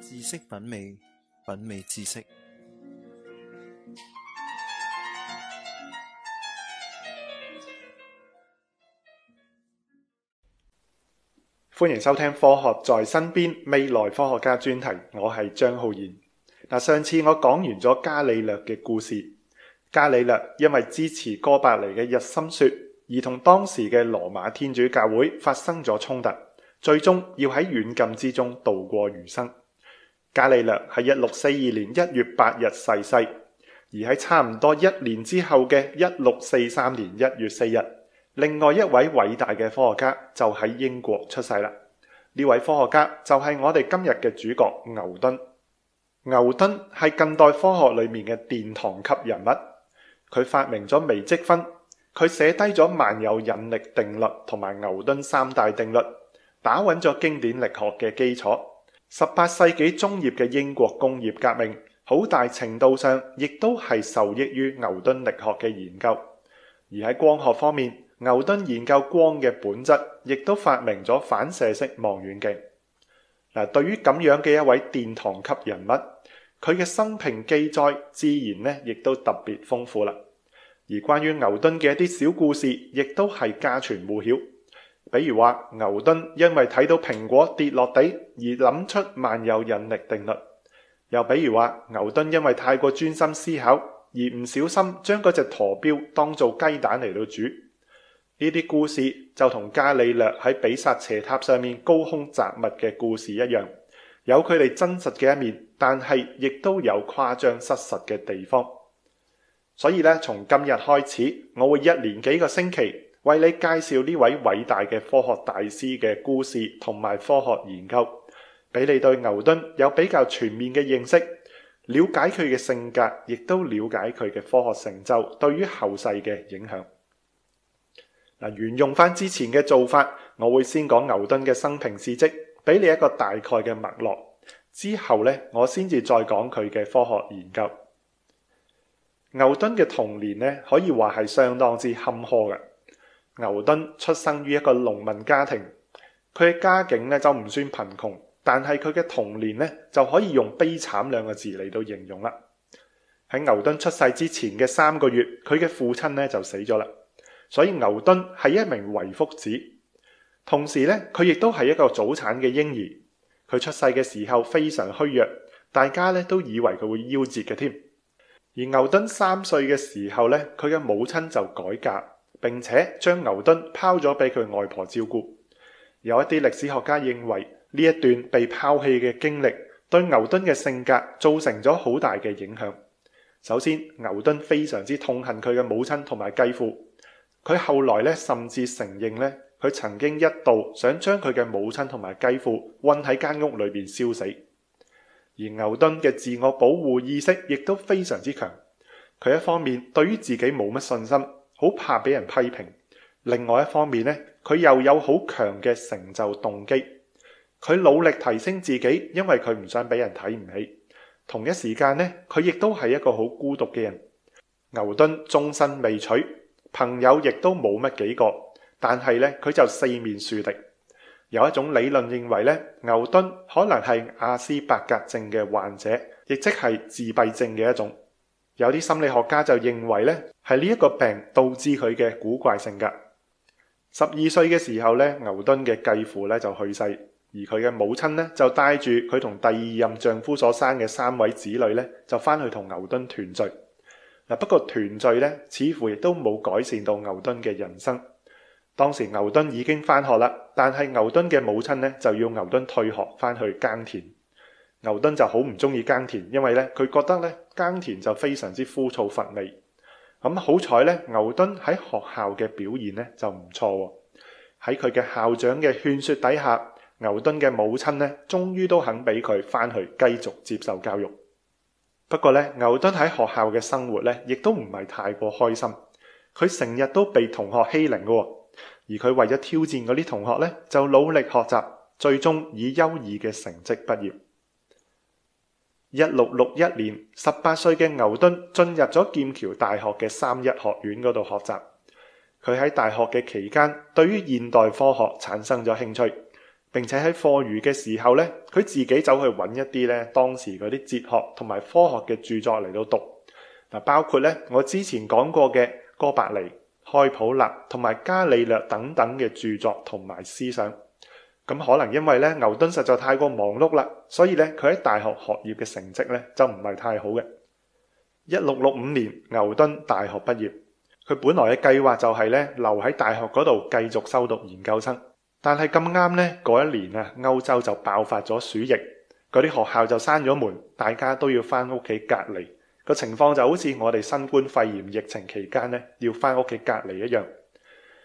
知識品味，品味知識。歡迎收聽《科學在身邊：未來科學家專題》，我係張浩然。嗱，上次我講完咗伽利略嘅故事，伽利略因為支持哥白尼嘅日心說，而同當時嘅羅馬天主教會發生咗衝突。最終要喺軟禁之中度過餘生。伽利略喺一六四二年一月八日逝世，而喺差唔多一年之後嘅一六四三年一月四日，另外一位偉大嘅科學家就喺英國出世啦。呢位科學家就係我哋今日嘅主角牛頓。牛頓係近代科學裏面嘅殿堂級人物，佢發明咗微積分，佢寫低咗萬有引力定律同埋牛頓三大定律。打穩咗經典力學嘅基礎，十八世紀中葉嘅英國工業革命好大程度上亦都係受益於牛頓力學嘅研究。而喺光學方面，牛頓研究光嘅本質，亦都發明咗反射式望遠鏡。嗱，對於咁樣嘅一位殿堂級人物，佢嘅生平記載自然呢亦都特別豐富啦。而關於牛頓嘅一啲小故事，亦都係家傳戶曉。比如話牛頓因為睇到蘋果跌落地而諗出萬有引力定律，又比如話牛頓因為太過專心思考而唔小心將嗰隻陀錶當做雞蛋嚟到煮，呢啲故事就同伽利略喺比薩斜塔上面高空擲物嘅故事一樣，有佢哋真實嘅一面，但係亦都有誇張失實嘅地方。所以咧，從今日開始，我會一連幾個星期，為你介紹呢位偉大嘅科學大師嘅故事同埋科學研究，俾你對牛頓有比較全面嘅認識，了解佢嘅性格，亦都了解佢嘅科學成就對於後世嘅影響。嗱，沿用翻之前嘅做法，我會先講牛頓嘅生平事跡，俾你一個大概嘅脈絡。之後呢，我先至再講佢嘅科學研究。牛頓嘅童年呢，可以話係相當之坎坷嘅。牛頓出生於一個農民家庭，佢嘅家境咧就唔算貧窮，但係佢嘅童年咧就可以用悲慘兩個字嚟到形容啦。喺牛頓出世之前嘅三個月，佢嘅父親咧就死咗啦，所以牛頓係一名遺腹子，同時呢，佢亦都係一個早產嘅嬰兒。佢出世嘅時候非常虛弱，大家咧都以為佢會夭折嘅添。而牛頓三歲嘅時候呢，佢嘅母親就改嫁。並且將牛頓拋咗俾佢外婆照顧。有一啲歷史學家認為呢一段被拋棄嘅經歷對牛頓嘅性格造成咗好大嘅影響。首先，牛頓非常之痛恨佢嘅母親同埋繼父。佢後來咧甚至承認呢，佢曾經一度想將佢嘅母親同埋繼父困喺間屋裏面燒死。而牛頓嘅自我保護意識亦都非常之強。佢一方面對於自己冇乜信心，好怕俾人批評。另外一方面呢，佢又有好強嘅成就動機，佢努力提升自己，因為佢唔想俾人睇唔起。同一時間呢，佢亦都係一個好孤獨嘅人。牛頓終身未娶，朋友亦都冇乜幾個。但係呢，佢就四面樹敵。有一種理論認為呢，牛頓可能係亞斯伯格症嘅患者，亦即係自閉症嘅一種。有啲心理學家就認為呢。係呢一個病導致佢嘅古怪性格。十二歲嘅時候呢，牛頓嘅繼父呢就去世，而佢嘅母親呢就帶住佢同第二任丈夫所生嘅三位子女呢，就翻去同牛頓團聚。嗱，不過團聚呢，似乎亦都冇改善到牛頓嘅人生。當時牛頓已經翻學啦，但係牛頓嘅母親呢，就要牛頓退學翻去耕田。牛頓就好唔中意耕田，因為呢，佢覺得呢，耕田就非常之枯燥乏味。咁好彩咧，牛頓喺學校嘅表現咧就唔錯喎。喺佢嘅校長嘅勸說底下，牛頓嘅母親咧，終於都肯俾佢返去繼續接受教育。不過咧，牛頓喺學校嘅生活咧，亦都唔係太過開心。佢成日都被同學欺凌噶，而佢為咗挑戰嗰啲同學咧，就努力學習，最終以優異嘅成績畢業。一六六一年，十八歲嘅牛頓進入咗劍橋大學嘅三一學院嗰度學習。佢喺大學嘅期間，對於現代科學產生咗興趣，並且喺課餘嘅時候呢，佢自己走去揾一啲呢當時嗰啲哲學同埋科學嘅著作嚟到讀。嗱，包括呢我之前講過嘅哥白尼、開普勒同埋伽利略等等嘅著作同埋思想。咁可能因為咧牛頓實在太過忙碌啦，所以咧佢喺大學學業嘅成績咧就唔係太好嘅。一六六五年，牛頓大學畢業，佢本來嘅計劃就係咧留喺大學嗰度繼續修讀研究生，但係咁啱咧嗰一年啊歐洲就爆發咗鼠疫，嗰啲學校就閂咗門，大家都要翻屋企隔離，個情況就好似我哋新冠肺炎疫情期間咧要翻屋企隔離一樣。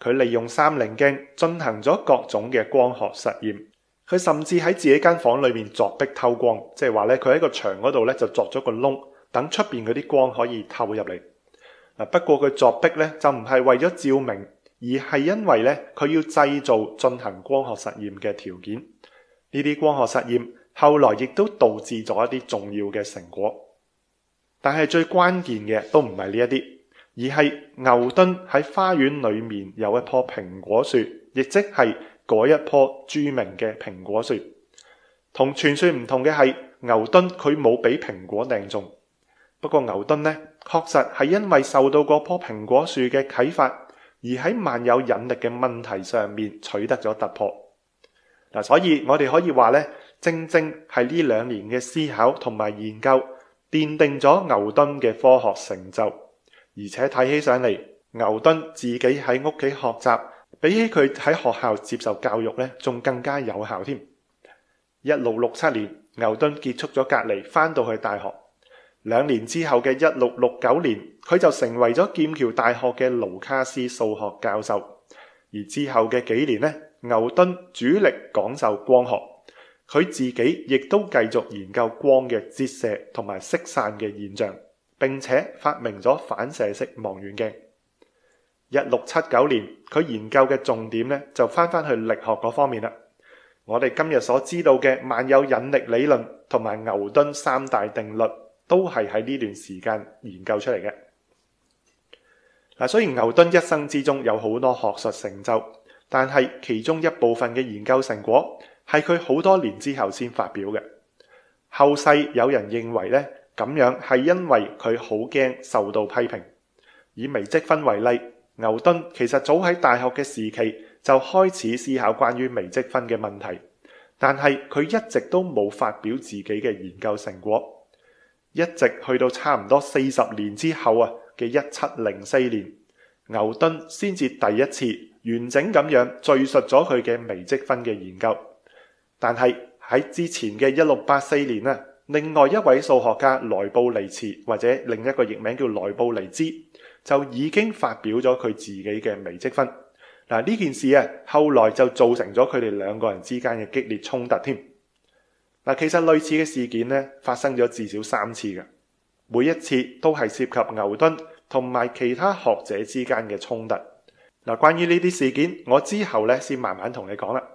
佢利用三稜鏡進行咗各種嘅光學實驗，佢甚至喺自己間房裏面鑿壁透光，即係話咧，佢喺個牆嗰度咧就鑿咗個窿，等出邊嗰啲光可以透入嚟。不過佢鑿壁咧就唔係為咗照明，而係因為咧佢要製造進行光學實驗嘅條件。呢啲光學實驗後來亦都導致咗一啲重要嘅成果，但係最關鍵嘅都唔係呢一啲。而係牛頓喺花園裏面有一棵蘋果樹，亦即係嗰一棵著名嘅蘋果樹。同傳說唔同嘅係，牛頓佢冇俾蘋果掟中。不過牛頓呢，確實係因為受到嗰棵蘋果樹嘅啟發，而喺萬有引力嘅問題上面取得咗突破嗱。所以我哋可以話呢，正正係呢兩年嘅思考同埋研究，奠定咗牛頓嘅科學成就。而且睇起上嚟，牛頓自己喺屋企學習，比起佢喺學校接受教育咧，仲更加有效添。一六六七年，牛頓結束咗隔離，翻到去大學。兩年之後嘅一六六九年，佢就成為咗劍橋大學嘅盧卡斯數學教授。而之後嘅幾年咧，牛頓主力講授光學，佢自己亦都繼續研究光嘅折射同埋色散嘅現象。並且發明咗反射式望遠鏡。一六七九年，佢研究嘅重點咧，就翻返去力學嗰方面啦。我哋今日所知道嘅萬有引力理論同埋牛頓三大定律，都係喺呢段時間研究出嚟嘅。嗱，雖然牛頓一生之中有好多學術成就，但係其中一部分嘅研究成果，係佢好多年之後先發表嘅。後世有人認為咧。咁樣係因為佢好驚受到批評。以微積分為例，牛頓其實早喺大學嘅時期就開始思考關於微積分嘅問題，但係佢一直都冇發表自己嘅研究成果，一直去到差唔多四十年之後啊嘅一七零四年，牛頓先至第一次完整咁樣敘述咗佢嘅微積分嘅研究。但係喺之前嘅一六八四年呢。另外一位數學家萊布尼茨，或者另一個譯名叫萊布尼茲就已經發表咗佢自己嘅微積分。嗱，呢件事啊，後來就造成咗佢哋兩個人之間嘅激烈衝突添。嗱，其實類似嘅事件咧，發生咗至少三次嘅，每一次都係涉及牛頓同埋其他學者之間嘅衝突。嗱，關於呢啲事件，我之後呢先慢慢同你講啦。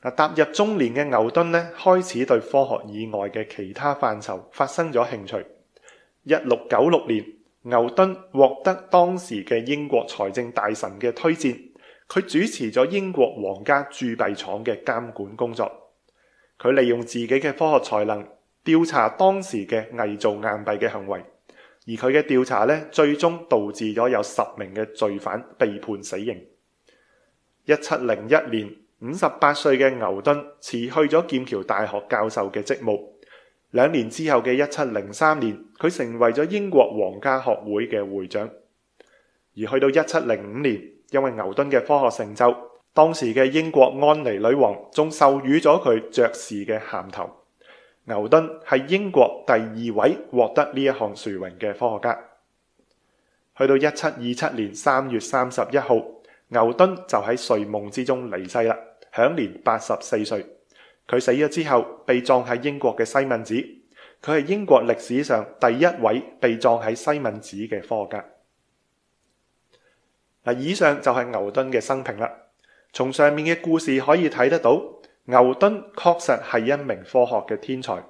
踏入中年嘅牛頓呢，開始對科學以外嘅其他範疇發生咗興趣。一六九六年，牛頓獲得當時嘅英國財政大臣嘅推薦，佢主持咗英國皇家鑄幣廠嘅監管工作。佢利用自己嘅科學才能調查當時嘅偽造硬幣嘅行為，而佢嘅調查呢，最終導致咗有十名嘅罪犯被判死刑。一七零一年，五十八歲嘅牛頓辭去咗劍橋大學教授嘅職務，兩年之後嘅一七零三年，佢成為咗英國皇家學會嘅會長。而去到一七零五年，因為牛頓嘅科學成就，當時嘅英國安妮女王仲授予咗佢爵士嘅銜頭。牛頓係英國第二位獲得呢一項殊榮嘅科學家。去到一七二七年三月三十一號，牛頓就喺睡夢之中離世啦。享年八十四歲，佢死咗之後被葬喺英國嘅西敏寺，佢係英國歷史上第一位被葬喺西敏寺嘅科學家。嗱，以上就係牛頓嘅生平啦。從上面嘅故事可以睇得到，牛頓確實係一名科學嘅天才，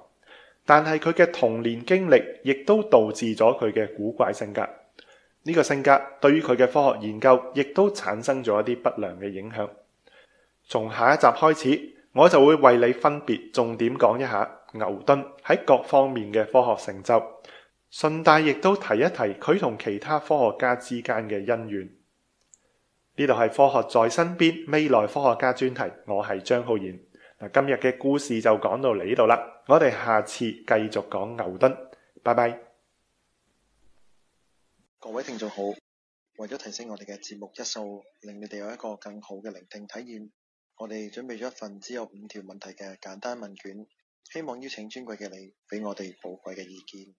但係佢嘅童年經歷亦都導致咗佢嘅古怪性格。呢個性格對於佢嘅科學研究亦都產生咗一啲不良嘅影響。從下一集開始，我就會為你分別重點講一下牛頓喺各方面嘅科學成就。順帶亦都提一提佢同其他科學家之間嘅恩怨。呢度係科學在身邊未來科學家專題，我係張浩然。嗱，今日嘅故事就講到呢度啦。我哋下次繼續講牛頓。拜拜。各位聽眾好，為咗提升我哋嘅節目質素，令你哋有一個更好嘅聆聽體驗。我哋準備咗一份只有五條問題嘅簡單問卷，希望邀請尊貴嘅你俾我哋寶貴嘅意見。